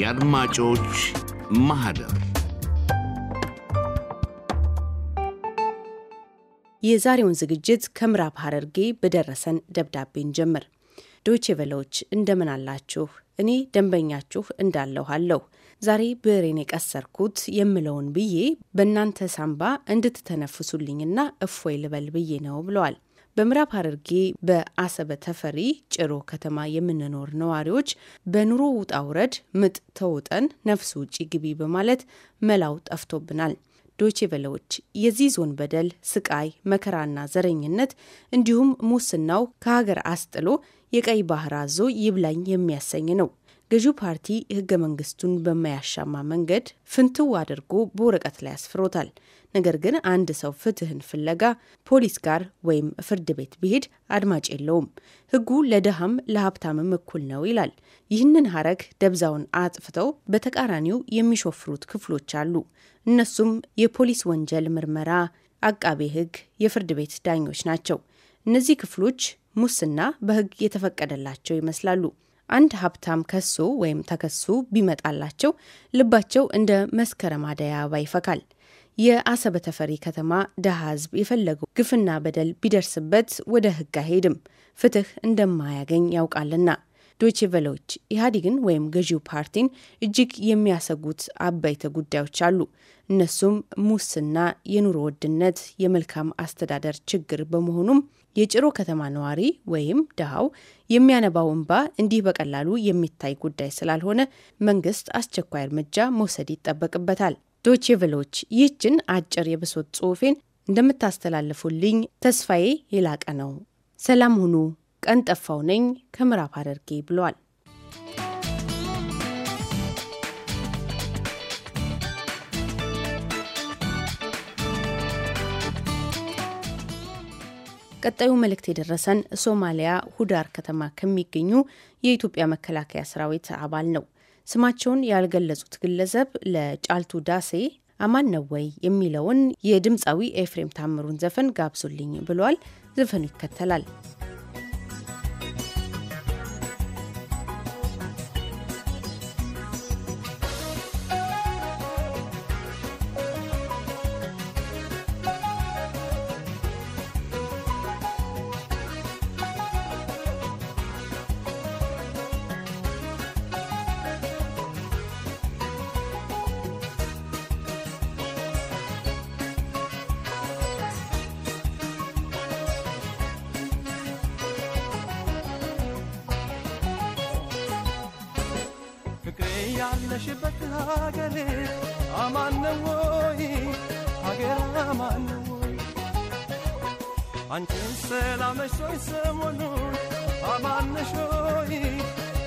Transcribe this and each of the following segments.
የአድማጮች ማህደር የዛሬውን ዝግጅት ከምዕራብ ሐረርጌ በደረሰን ደብዳቤን ጀምር። ዶቼ ቬለዎች እንደምን አላችሁ? እኔ ደንበኛችሁ እንዳለሁ አለሁ። ዛሬ ብዕሬን የቀሰርኩት የምለውን ብዬ በእናንተ ሳምባ እንድትተነፍሱልኝና እፎይ ልበል ብዬ ነው ብለዋል። በምዕራብ ሐረርጌ በአሰበ ተፈሪ ጭሮ ከተማ የምንኖር ነዋሪዎች በኑሮ ውጣ ውረድ ምጥ ተውጠን ነፍስ ውጪ ግቢ በማለት መላው ጠፍቶብናል። ዶቼ ቬለዎች የዚህ ዞን በደል፣ ስቃይ፣ መከራና ዘረኝነት እንዲሁም ሙስናው ከሀገር አስጥሎ የቀይ ባህር አዞ ይብላኝ የሚያሰኝ ነው። ገዢው ፓርቲ ህገ መንግስቱን በማያሻማ መንገድ ፍንትው አድርጎ በወረቀት ላይ አስፍሮታል። ነገር ግን አንድ ሰው ፍትህን ፍለጋ ፖሊስ ጋር ወይም ፍርድ ቤት ቢሄድ አድማጭ የለውም። ህጉ ለድሃም ለሀብታምም እኩል ነው ይላል። ይህንን ሀረግ ደብዛውን አጥፍተው በተቃራኒው የሚሾፍሩት ክፍሎች አሉ። እነሱም የፖሊስ ወንጀል ምርመራ፣ አቃቤ ህግ፣ የፍርድ ቤት ዳኞች ናቸው። እነዚህ ክፍሎች ሙስና በህግ የተፈቀደላቸው ይመስላሉ። አንድ ሀብታም ከሶ ወይም ተከሶ ቢመጣላቸው ልባቸው እንደ መስከረም አደይ አበባ ይፈካል። የአሰበ ተፈሪ ከተማ ደሃ ህዝብ የፈለገው ግፍና በደል ቢደርስበት ወደ ህግ አይሄድም፣ ፍትህ እንደማያገኝ ያውቃልና። ዶቼቨሎች ኢህአዴግን ወይም ገዢው ፓርቲን እጅግ የሚያሰጉት አበይተ ጉዳዮች አሉ። እነሱም ሙስና፣ የኑሮ ውድነት፣ የመልካም አስተዳደር ችግር በመሆኑም የጭሮ ከተማ ነዋሪ ወይም ድሃው የሚያነባው እንባ እንዲህ በቀላሉ የሚታይ ጉዳይ ስላልሆነ መንግስት አስቸኳይ እርምጃ መውሰድ ይጠበቅበታል። ዶቼ ቬሎች ይህችን አጭር የብሶት ጽሁፌን እንደምታስተላልፉልኝ ተስፋዬ የላቀ ነው። ሰላም ሁኑ። ቀን ጠፋው ነኝ ከምዕራብ ሐረርጌ ብሏል። ቀጣዩ መልእክት የደረሰን ሶማሊያ ሁዳር ከተማ ከሚገኙ የኢትዮጵያ መከላከያ ሰራዊት አባል ነው። ስማቸውን ያልገለጹት ግለሰብ ለጫልቱ ዳሴ አማን ነው ወይ የሚለውን የድምፃዊ ኤፍሬም ታምሩን ዘፈን ጋብዙልኝ ብሏል። ዘፈኑ ይከተላል። ነሽበት ሀገሬ አማን ነው ወይ ሀገር አማን ነው ወይ አንቺን ሰላምሽ ሶይ ሰሞኑን አማን ነሽ ወይ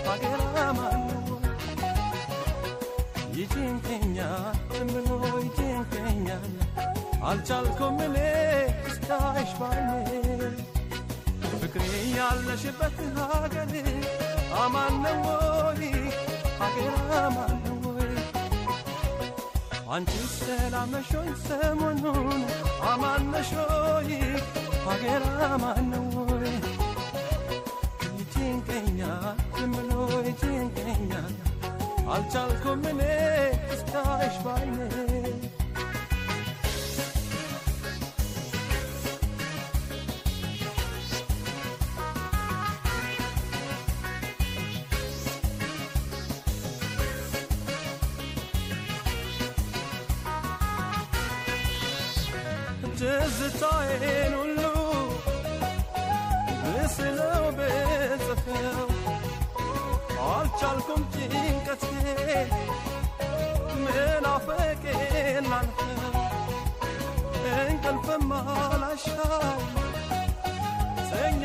ሀገር አማን ነው ወይ ይቺን ኬኛ እምኖ አልቻልኩም እኔ እስካይሽ ባኔ ፍቅሬ ያለሽበት ሀገሬ አማን ነው ወይ ሀገር አማን አንቺስ ሰላመሾኝ ሰሞኑን አማነሾይ ሀገር አማነወይ ይጭንቀኛ ዝምሎ ይጭንቀኛ አልቻልኩም እኔ እስካሽ ባይኔ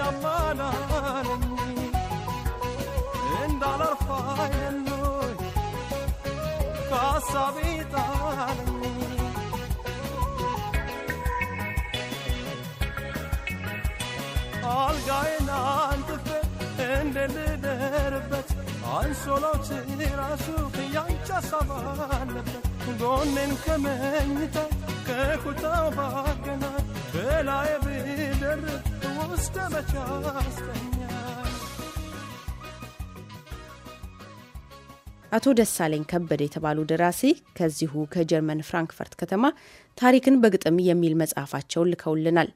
አማናኝ እንዳላርፋ ያኖይ ከሀሳቤ ጣለኝ አልጋዬን አንጥፌ እንደ ልደርበት አንሶላዎች ራሱ ከያንቺ ሀሳብ አለበት ጎኔን ከመኝታ ከኩታው ባገና በላዬ ብደርብ አቶ ደሳለኝ ከበደ የተባሉ ደራሲ ከዚሁ ከጀርመን ፍራንክፈርት ከተማ ታሪክን በግጥም የሚል መጽሐፋቸውን ልከውልናል።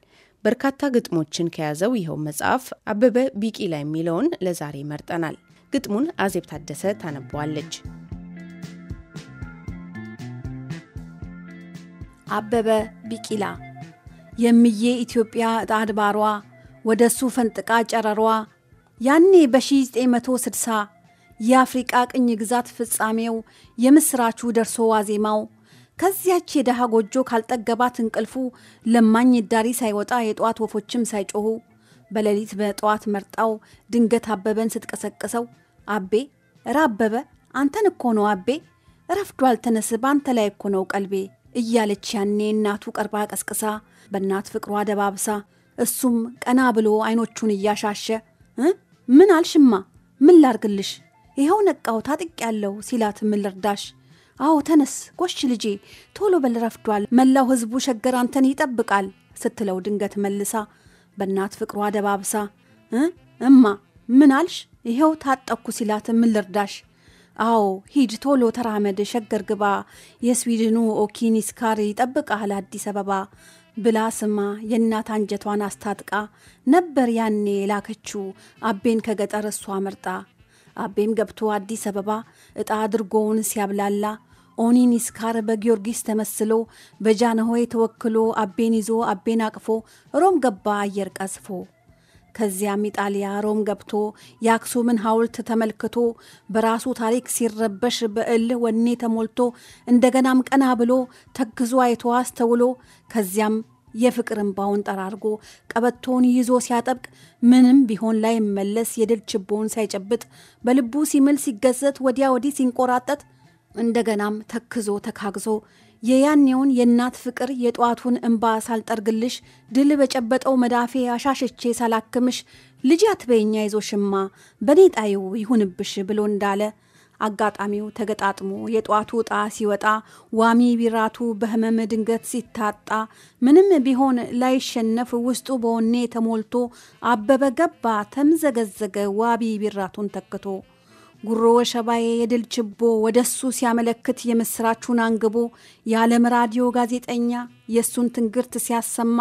በርካታ ግጥሞችን ከያዘው ይኸው መጽሐፍ አበበ ቢቂላ የሚለውን ለዛሬ መርጠናል። ግጥሙን አዜብ ታደሰ ታነበዋለች። አበበ ቢቂላ የምዬ ኢትዮጵያ ዕጣ አድባሯ ወደ እሱ ፈንጥቃ ጨረሯ ያኔ በ1960 የአፍሪቃ ቅኝ ግዛት ፍጻሜው የምስራቹ ደርሶ ዋዜማው ከዚያች የደሃ ጎጆ ካልጠገባት እንቅልፉ ለማኝ ዳሪ ሳይወጣ የጠዋት ወፎችም ሳይጮኹ በሌሊት በጠዋት መርጣው ድንገት አበበን ስትቀሰቅሰው አቤ እረ አበበ አንተን እኮ ነው አቤ ረፍዶ አልተነስ በአንተ ላይ እኮ ነው ቀልቤ እያለች ያኔ እናቱ ቀርባ ቀስቅሳ በእናት ፍቅሯ ደባብሳ እሱም ቀና ብሎ አይኖቹን እያሻሸ ምን አልሽማ? ምን ላርግልሽ? ይኸው ነቃው ታጥቅ ያለው ሲላት ምን ልርዳሽ? አዎ ተነስ ጎሽ ልጄ፣ ቶሎ በል ረፍዷል፣ መላው ህዝቡ ሸገር አንተን ይጠብቃል ስትለው ድንገት መልሳ በእናት ፍቅሯ ደባብሳ እማ ምን አልሽ? ይኸው ታጠቅኩ ሲላት ምን ልርዳሽ? አዎ ሂድ ቶሎ ተራመድ፣ ሸገር ግባ፣ የስዊድኑ ኦኪኒስካር ይጠብቃል አዲስ አበባ ብላ ስማ የእናት አንጀቷን አስታጥቃ ነበር ያኔ የላከችው አቤን ከገጠር እሷ መርጣ። አቤም ገብቶ አዲስ አበባ ዕጣ አድርጎውን ሲያብላላ ኦኒን ይስካር በጊዮርጊስ ተመስሎ በጃንሆይ ተወክሎ አቤን ይዞ አቤን አቅፎ ሮም ገባ አየር ቀዝፎ ከዚያም ኢጣሊያ ሮም ገብቶ የአክሱምን ሐውልት ተመልክቶ በራሱ ታሪክ ሲረበሽ በእልህ ወኔ ተሞልቶ እንደገናም ቀና ብሎ ተግዞ አይቶ አስተውሎ ከዚያም የፍቅር እንባውን ጠራርጎ ቀበቶውን ይዞ ሲያጠብቅ ምንም ቢሆን ላይመለስ የድል ችቦውን ሳይጨብጥ በልቡ ሲምል ሲገዘት ወዲያ ወዲህ ሲንቆራጠት እንደገናም ተክዞ ተካግዞ የያኔውን የእናት ፍቅር የጠዋቱን እንባ ሳልጠርግልሽ ድል በጨበጠው መዳፌ አሻሽቼ ሳላክምሽ ልጅ አትበይኛ ይዞሽማ በኔ ጣይው ይሁንብሽ ብሎ እንዳለ አጋጣሚው ተገጣጥሞ የጧቱ ዕጣ ሲወጣ ዋሚ ቢራቱ በህመም ድንገት ሲታጣ ምንም ቢሆን ላይሸነፍ ውስጡ በወኔ ተሞልቶ አበበ ገባ ተምዘገዘገ ዋቢ ቢራቱን ተክቶ ጉሮ ወሸባዬ የድል ችቦ ወደ እሱ ሲያመለክት የምሥራቹን አንግቦ የዓለም ራዲዮ ጋዜጠኛ የእሱን ትንግርት ሲያሰማ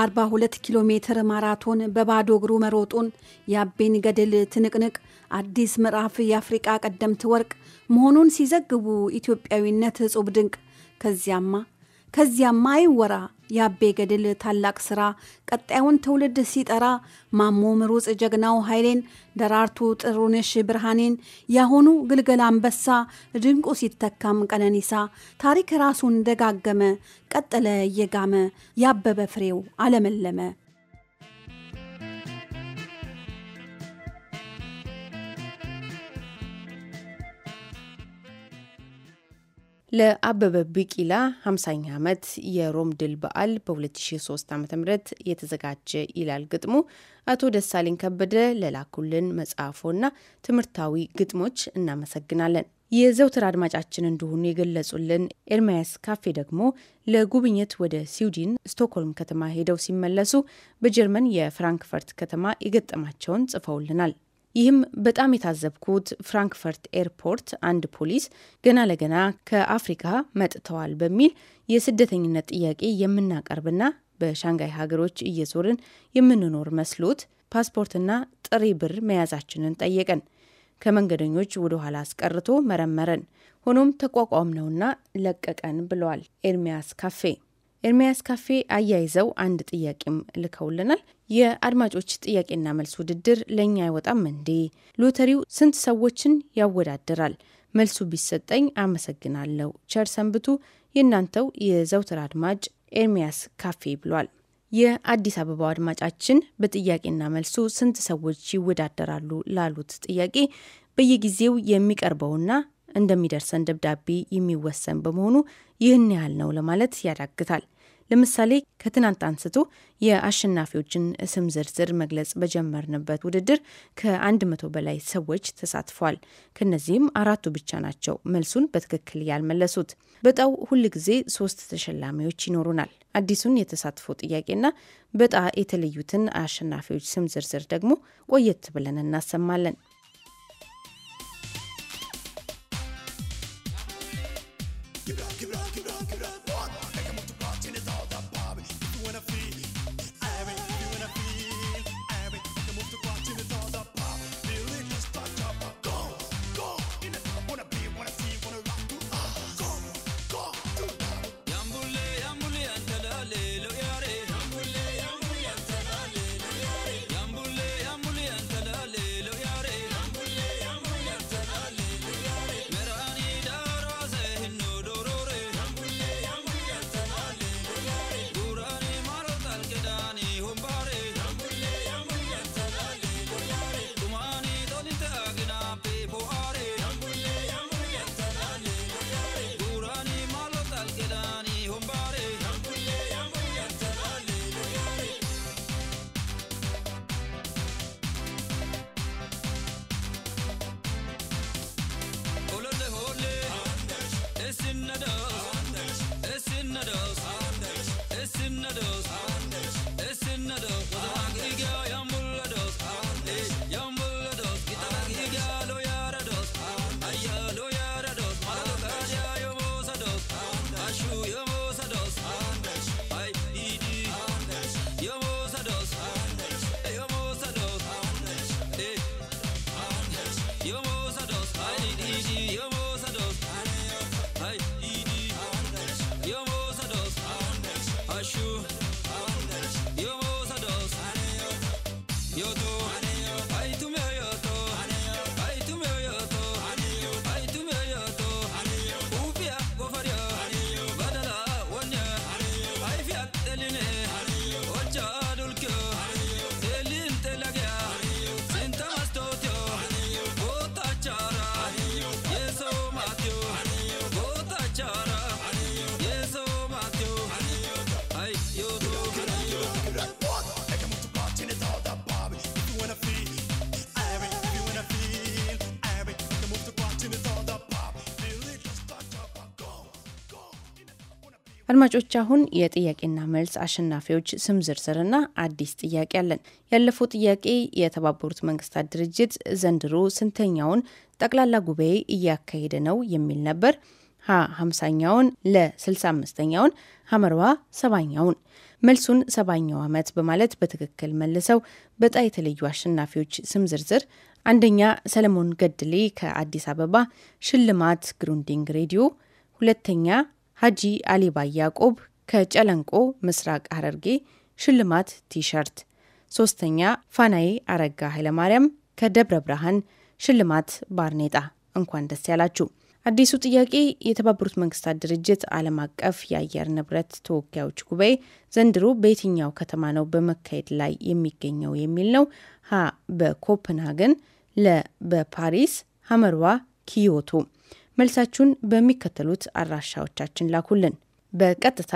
42 ኪሎ ሜትር ማራቶን በባዶ እግሩ መሮጡን የአቤን ገድል ትንቅንቅ አዲስ ምዕራፍ የአፍሪቃ ቀደምት ወርቅ መሆኑን ሲዘግቡ ኢትዮጵያዊነት እጹብ ድንቅ ከዚያማ ከዚያም አይወራ የአቤ ገድል ታላቅ ስራ ቀጣዩን ትውልድ ሲጠራ ማሞ ምሩፅ ጀግናው ኃይሌን ደራርቱ ጥሩንሽ ብርሃኔን ያሆኑ ግልገል አንበሳ ድንቁ ሲተካም ቀነኒሳ ታሪክ ራሱን ደጋገመ ቀጠለ እየጋመ ያበበ ፍሬው አለመለመ ለአበበ ቢቂላ 50ኛ ዓመት የሮም ድል በዓል በ2003 ዓ ም የተዘጋጀ ይላል ግጥሙ። አቶ ደሳሌን ከበደ ለላኩልን መጽሐፎና ትምህርታዊ ግጥሞች እናመሰግናለን። የዘውትር አድማጫችን እንደሆኑ የገለጹልን ኤርማያስ ካፌ ደግሞ ለጉብኝት ወደ ስዊድን ስቶክሆልም ከተማ ሄደው ሲመለሱ በጀርመን የፍራንክፈርት ከተማ የገጠማቸውን ጽፈውልናል። ይህም በጣም የታዘብኩት ፍራንክፈርት ኤርፖርት አንድ ፖሊስ ገና ለገና ከአፍሪካ መጥተዋል በሚል የስደተኝነት ጥያቄ የምናቀርብና በሻንጋይ ሀገሮች እየዞርን የምንኖር መስሎት ፓስፖርትና ጥሬ ብር መያዛችንን ጠየቀን። ከመንገደኞች ወደ ኋላ አስቀርቶ መረመረን። ሆኖም ተቋቋም ነውና ለቀቀን ብለዋል ኤርሚያስ ካፌ። ኤርሚያስ ካፌ አያይዘው አንድ ጥያቄም ልከውልናል። የአድማጮች ጥያቄና መልስ ውድድር ለእኛ አይወጣም እንዴ? ሎተሪው ስንት ሰዎችን ያወዳድራል? መልሱ ቢሰጠኝ አመሰግናለሁ። ቸር ሰንብቱ። የእናንተው የዘውትር አድማጭ ኤርሚያስ ካፌ ብሏል። የአዲስ አበባው አድማጫችን በጥያቄና መልሱ ስንት ሰዎች ይወዳደራሉ ላሉት ጥያቄ በየጊዜው የሚቀርበውና እንደሚደርሰን ደብዳቤ የሚወሰን በመሆኑ ይህን ያህል ነው ለማለት ያዳግታል። ለምሳሌ ከትናንት አንስቶ የአሸናፊዎችን ስም ዝርዝር መግለጽ በጀመርንበት ውድድር ከ100 በላይ ሰዎች ተሳትፏል። ከነዚህም አራቱ ብቻ ናቸው መልሱን በትክክል ያልመለሱት። በጣው ጊዜ ሶስት ተሸላሚዎች ይኖሩናል። አዲሱን የተሳትፎ ጥያቄና በጣ የተለዩትን አሸናፊዎች ስም ዝርዝር ደግሞ ቆየት ብለን እናሰማለን። አድማጮች አሁን የጥያቄና መልስ አሸናፊዎች ስም ዝርዝርና አዲስ ጥያቄ አለን። ያለፈው ጥያቄ የተባበሩት መንግስታት ድርጅት ዘንድሮ ስንተኛውን ጠቅላላ ጉባኤ እያካሄደ ነው የሚል ነበር። ሀ ሀምሳኛውን ለ ስልሳ አምስተኛውን ሀመርዋ ሰባኛውን መልሱን ሰባኛው ዓመት በማለት በትክክል መልሰው በጣ የተለዩ አሸናፊዎች ስም ዝርዝር አንደኛ ሰለሞን ገድሌ ከአዲስ አበባ ሽልማት ግሩንዲንግ ሬዲዮ፣ ሁለተኛ ሀጂ አሊባ ያዕቆብ ከጨለንቆ ምስራቅ ሐረርጌ ሽልማት ቲሸርት፣ ሶስተኛ ፋናዬ አረጋ ኃይለማርያም ከደብረ ብርሃን ሽልማት ባርኔጣ። እንኳን ደስ ያላችሁ። አዲሱ ጥያቄ የተባበሩት መንግስታት ድርጅት ዓለም አቀፍ የአየር ንብረት ተወካዮች ጉባኤ ዘንድሮ በየትኛው ከተማ ነው በመካሄድ ላይ የሚገኘው የሚል ነው። ሀ በኮፕንሃገን፣ ለ በፓሪስ፣ ሐመርዋ ኪዮቶ መልሳችሁን በሚከተሉት አድራሻዎቻችን ላኩልን። በቀጥታ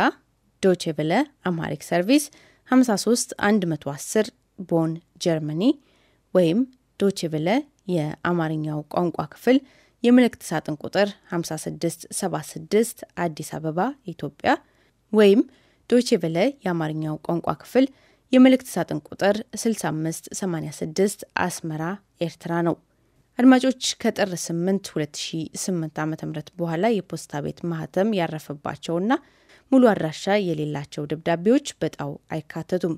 ዶቼ ቬለ አማሪክ ሰርቪስ 53 110 ቦን ጀርመኒ ወይም ዶቼ ቬለ የአማርኛው ቋንቋ ክፍል የመልእክት ሳጥን ቁጥር 5676 አዲስ አበባ ኢትዮጵያ ወይም ዶቼ ቬለ የአማርኛው ቋንቋ ክፍል የመልእክት ሳጥን ቁጥር 6586 አስመራ ኤርትራ ነው። አድማጮች ከጥር 8 2008 ዓ ም በኋላ የፖስታ ቤት ማህተም ያረፈባቸውና ሙሉ አድራሻ የሌላቸው ደብዳቤዎች በጣው አይካተቱም።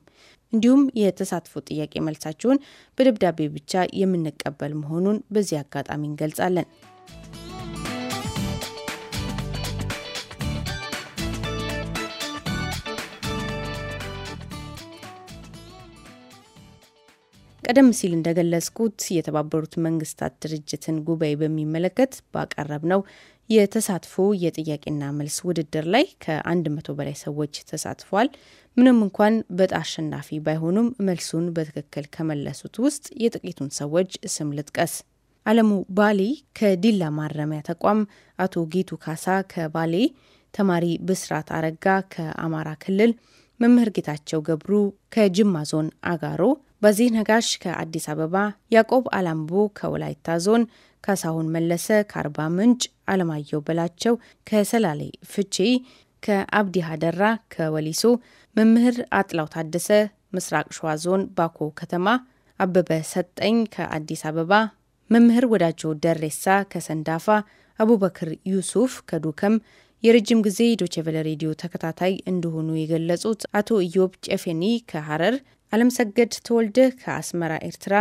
እንዲሁም የተሳትፎ ጥያቄ መልሳችሁን በደብዳቤ ብቻ የምንቀበል መሆኑን በዚህ አጋጣሚ እንገልጻለን። ቀደም ሲል እንደገለጽኩት የተባበሩት መንግስታት ድርጅትን ጉባኤ በሚመለከት ባቀረብ ነው የተሳትፎ የጥያቄና መልስ ውድድር ላይ ከ100 በላይ ሰዎች ተሳትፏል። ምንም እንኳን በጣ አሸናፊ ባይሆኑም መልሱን በትክክል ከመለሱት ውስጥ የጥቂቱን ሰዎች ስም ልጥቀስ። አለሙ ባሌ ከዲላ ማረሚያ ተቋም፣ አቶ ጌቱ ካሳ ከባሌ፣ ተማሪ ብስራት አረጋ ከአማራ ክልል፣ መምህር ጌታቸው ገብሩ ከጅማ ዞን አጋሮ በዚህ ነጋሽ ከአዲስ አበባ፣ ያዕቆብ አላምቦ ከወላይታ ዞን፣ ካሳሁን መለሰ ከአርባ ምንጭ፣ አለማየሁ በላቸው ከሰላሌ ፍቼ፣ ከአብዲ ሀደራ ከወሊሶ፣ መምህር አጥላው ታደሰ ምስራቅ ሸዋ ዞን ባኮ ከተማ፣ አበበ ሰጠኝ ከአዲስ አበባ፣ መምህር ወዳጆ ደሬሳ ከሰንዳፋ፣ አቡበክር ዩሱፍ ከዱከም የረጅም ጊዜ ዶቼቨለ ሬዲዮ ተከታታይ እንደሆኑ የገለጹት አቶ ኢዮብ ጨፌኒ ከሐረር አለምሰገድ ተወልደ ከአስመራ ኤርትራ፣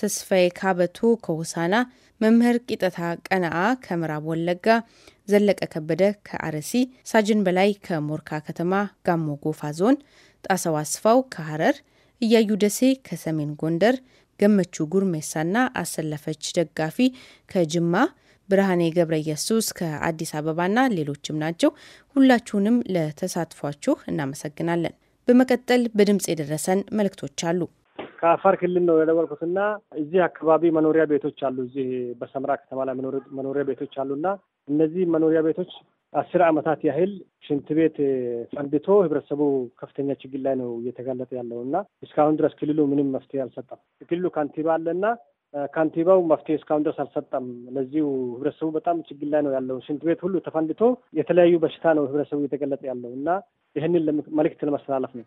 ተስፋዬ ካበቱ ከሆሳና፣ መምህር ቂጠታ ቀነአ ከምዕራብ ወለጋ፣ ዘለቀ ከበደ ከአረሲ ሳጅን በላይ ከሞርካ ከተማ ጋሞ ጎፋ ዞን፣ ጣሰው አስፋው ከሐረር፣ እያዩ ደሴ ከሰሜን ጎንደር፣ ገመቹ ጉርሜሳና አሰለፈች ደጋፊ ከጅማ፣ ብርሃኔ ገብረ ኢየሱስ ከአዲስ አበባና ሌሎችም ናቸው። ሁላችሁንም ለተሳትፏችሁ እናመሰግናለን። በመቀጠል በድምፅ የደረሰን መልእክቶች አሉ። ከአፋር ክልል ነው የደወልኩትና እዚህ አካባቢ መኖሪያ ቤቶች አሉ። እዚህ በሰምራ ከተማ ላይ መኖሪያ ቤቶች አሉና እነዚህ መኖሪያ ቤቶች አስር ዓመታት ያህል ሽንት ቤት ፈንድቶ ህብረተሰቡ ከፍተኛ ችግር ላይ ነው እየተጋለጠ ያለው እና እስካሁን ድረስ ክልሉ ምንም መፍትሄ አልሰጠም። ክልሉ ከንቲባ አለና ከንቲባው መፍትሄ እስካሁን ድረስ አልሰጠም። ለዚሁ ህብረተሰቡ በጣም ችግር ላይ ነው ያለው። ሽንት ቤት ሁሉ ተፈንድቶ የተለያዩ በሽታ ነው ህብረተሰቡ እየተገለጠ ያለው እና ይህንን መልእክት ለማስተላለፍ ነው።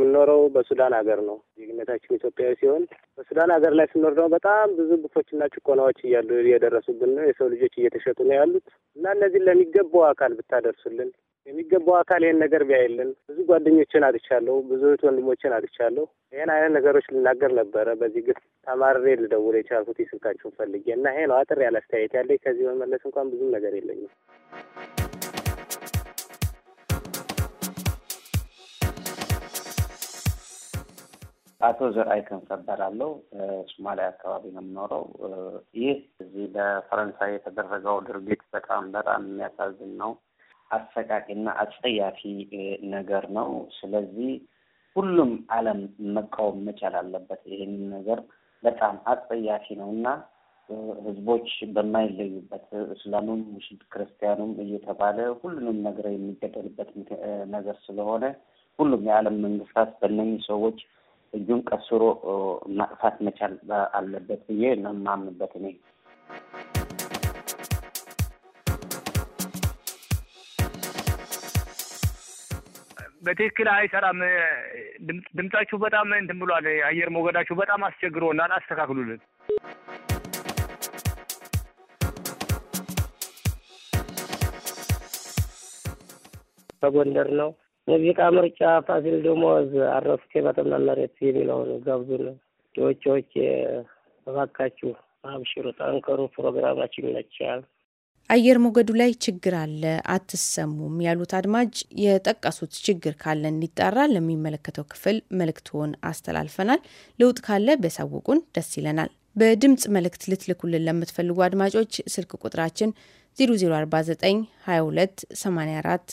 የምኖረው በሱዳን ሀገር ነው። ዜግነታችን ኢትዮጵያዊ ሲሆን በሱዳን ሀገር ላይ ስኖር ደግሞ በጣም ብዙ ግፎችና ጭቆናዎች እያሉ እየደረሱብን ነው። የሰው ልጆች እየተሸጡ ነው ያሉት እና እነዚህን ለሚገባው አካል ብታደርሱልን የሚገባው አካል ይህን ነገር ቢያይልን። ብዙ ጓደኞችን አጥቻለሁ፣ ብዙ እህት ወንድሞችን አጥቻለሁ። ይህን አይነት ነገሮች ልናገር ነበረ። በዚህ ግ ተማሬ ልደውል የቻልኩት ስልካችሁን ፈልጌ እና ይሄ ነው አጥር ያለ አስተያየት ያለ። ከዚህ በመለስ እንኳን ብዙም ነገር የለኝም። አቶ ዘርአይ ክንፈ ሶማሊያ አካባቢ ነው የምኖረው። ይህ እዚህ በፈረንሳይ የተደረገው ድርጊት በጣም በጣም የሚያሳዝን ነው። አሰቃቂና አጸያፊ ነገር ነው። ስለዚህ ሁሉም ዓለም መቃወም መቻል አለበት። ይህን ነገር በጣም አጸያፊ ነው እና ህዝቦች በማይለዩበት እስላሙም፣ ሙሽድ ክርስቲያኑም እየተባለ ሁሉንም ነገር የሚገደልበት ነገር ስለሆነ ሁሉም የዓለም መንግስታት በእነኚህ ሰዎች እጁን ቀስሮ ማጥፋት መቻል አለበት ብዬ ነው የማምንበት እኔ። በትክክል አይሰራም። ድምጻችሁ በጣም እንትን ብሏል። አየር ሞገዳችሁ በጣም አስቸግሮናል። አስተካክሉልን። ከጎንደር ነው ሙዚቃ ምርጫ ፋሲል ደሞዝ አረፍቼ በጠና መሬት የሚለውን ጋብዙን። ጮቼዎች እባካችሁ አብሽሩ፣ ጠንከሩ፣ ፕሮግራማችን ይመቻል። አየር ሞገዱ ላይ ችግር አለ፣ አትሰሙም ያሉት አድማጭ የጠቀሱት ችግር ካለ እንዲጣራ ለሚመለከተው ክፍል መልእክትዎን አስተላልፈናል። ለውጥ ካለ ቢያሳውቁን ደስ ይለናል። በድምፅ መልእክት ልትልኩልን ለምትፈልጉ አድማጮች ስልክ ቁጥራችን 0049 22 84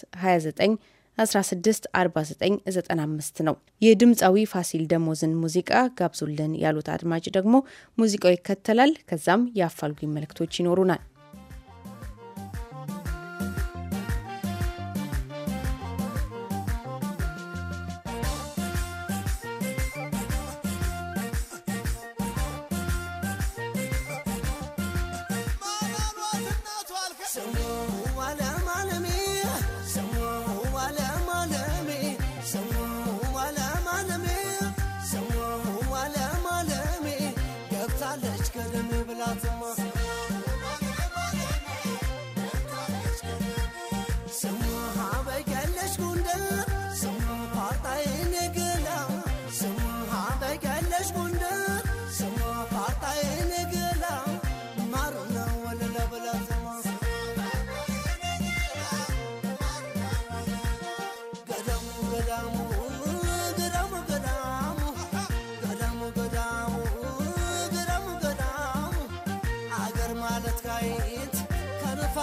29 ነው። የድምፃዊ ፋሲል ደሞዝን ሙዚቃ ጋብዙልን ያሉት አድማጭ ደግሞ ሙዚቃው ይከተላል። ከዛም የአፋልጉኝ መልእክቶች ይኖሩናል።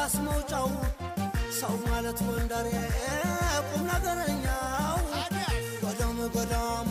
ራስ መውጫው ሰው ማለት ጎንደሬ ቁም ነገረኛው ጎዳሙ ጎዳሙ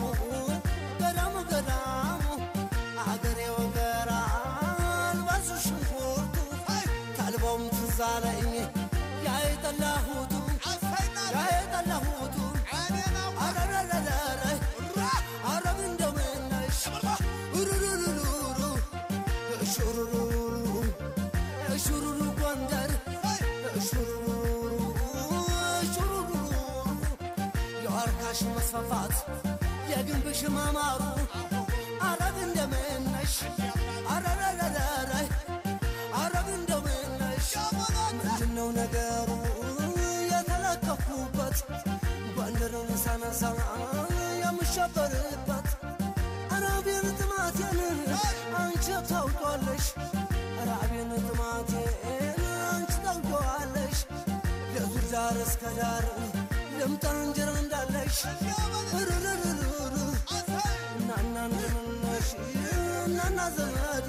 መስፋፋት የግንብሽ ማማሩ አረብ እንደምነሽ አረረረረ አረብ እንደምነሽ ምንድነው ነገሩ የተለከፍኩበት ባንዲራውን ሳነሳ የምሸበርበት አረቤን ጥማቴን አንቺ ታውቋለሽ አረቤን ጥማቴን አንቺ ታውቋለሽ የዙር ዳር እስከ ዳር ልምጣ እንጀራ እንዳለሽ ሩሩሩሩሩ ናና ናና ዘመዴ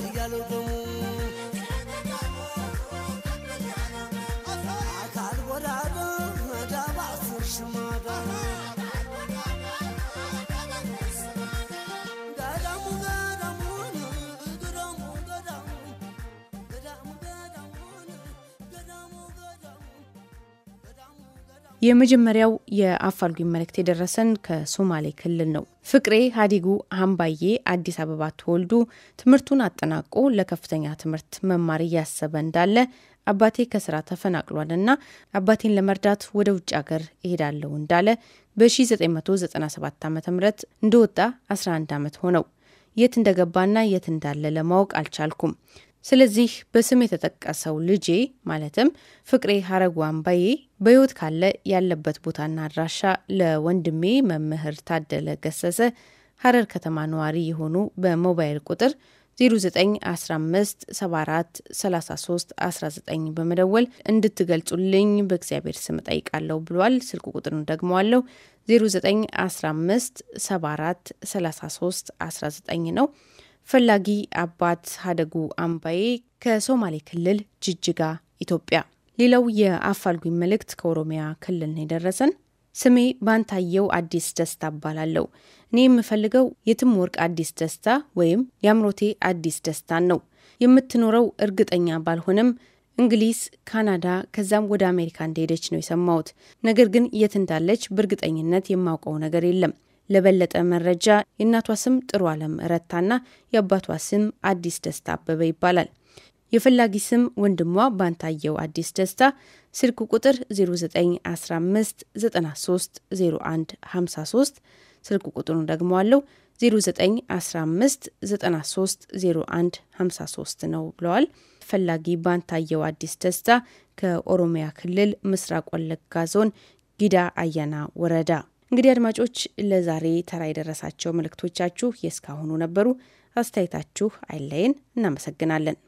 regalo de un የመጀመሪያው የአፋልጉኝ መልእክት የደረሰን ከሶማሌ ክልል ነው። ፍቅሬ ሀዲጉ አምባዬ አዲስ አበባ ተወልዶ ትምህርቱን አጠናቆ ለከፍተኛ ትምህርት መማር እያሰበ እንዳለ አባቴ ከስራ ተፈናቅሏል ና አባቴን ለመርዳት ወደ ውጭ ሀገር እሄዳለሁ እንዳለ በ1997 ዓ ም እንደወጣ 11 ዓመት ሆነው። የት እንደገባና የት እንዳለ ለማወቅ አልቻልኩም። ስለዚህ በስም የተጠቀሰው ልጄ ማለትም ፍቅሬ ሀረጉ አምባዬ በሕይወት ካለ ያለበት ቦታና አድራሻ ለወንድሜ መምህር ታደለ ገሰሰ ሀረር ከተማ ነዋሪ የሆኑ በሞባይል ቁጥር 0915743319 በመደወል እንድትገልጹልኝ በእግዚአብሔር ስም ጠይቃለሁ ብሏል። ስልክ ቁጥሩን ደግመዋለሁ 0915743319 ነው። ፈላጊ አባት ሀደጉ አምባዬ ከሶማሌ ክልል ጅጅጋ ኢትዮጵያ። ሌላው የአፋልጉኝ መልእክት ከኦሮሚያ ክልል ነው የደረሰን። ስሜ ባንታየው አዲስ ደስታ እባላለሁ። እኔ የምፈልገው የትም ወርቅ አዲስ ደስታ ወይም የአምሮቴ አዲስ ደስታን ነው። የምትኖረው እርግጠኛ ባልሆንም እንግሊዝ፣ ካናዳ ከዛም ወደ አሜሪካ እንደሄደች ነው የሰማሁት። ነገር ግን የት እንዳለች በእርግጠኝነት የማውቀው ነገር የለም። ለበለጠ መረጃ የእናቷ ስም ጥሩ አለም ረታና የአባቷ ስም አዲስ ደስታ አበበ ይባላል። የፈላጊ ስም ወንድሟ ባንታየው አዲስ ደስታ ስልክ ቁጥር 0915 93 01 53 ስልክ ቁጥሩን ደግሞ አለው 0915 93 01 53 ነው ብለዋል። ፈላጊ ባንታየው አዲስ ደስታ ከኦሮሚያ ክልል ምስራቅ ወለጋ ዞን ጊዳ አያና ወረዳ እንግዲህ አድማጮች ለዛሬ ተራ የደረሳቸው መልእክቶቻችሁ የእስካሁኑ ነበሩ። አስተያየታችሁ አይለይን። እናመሰግናለን።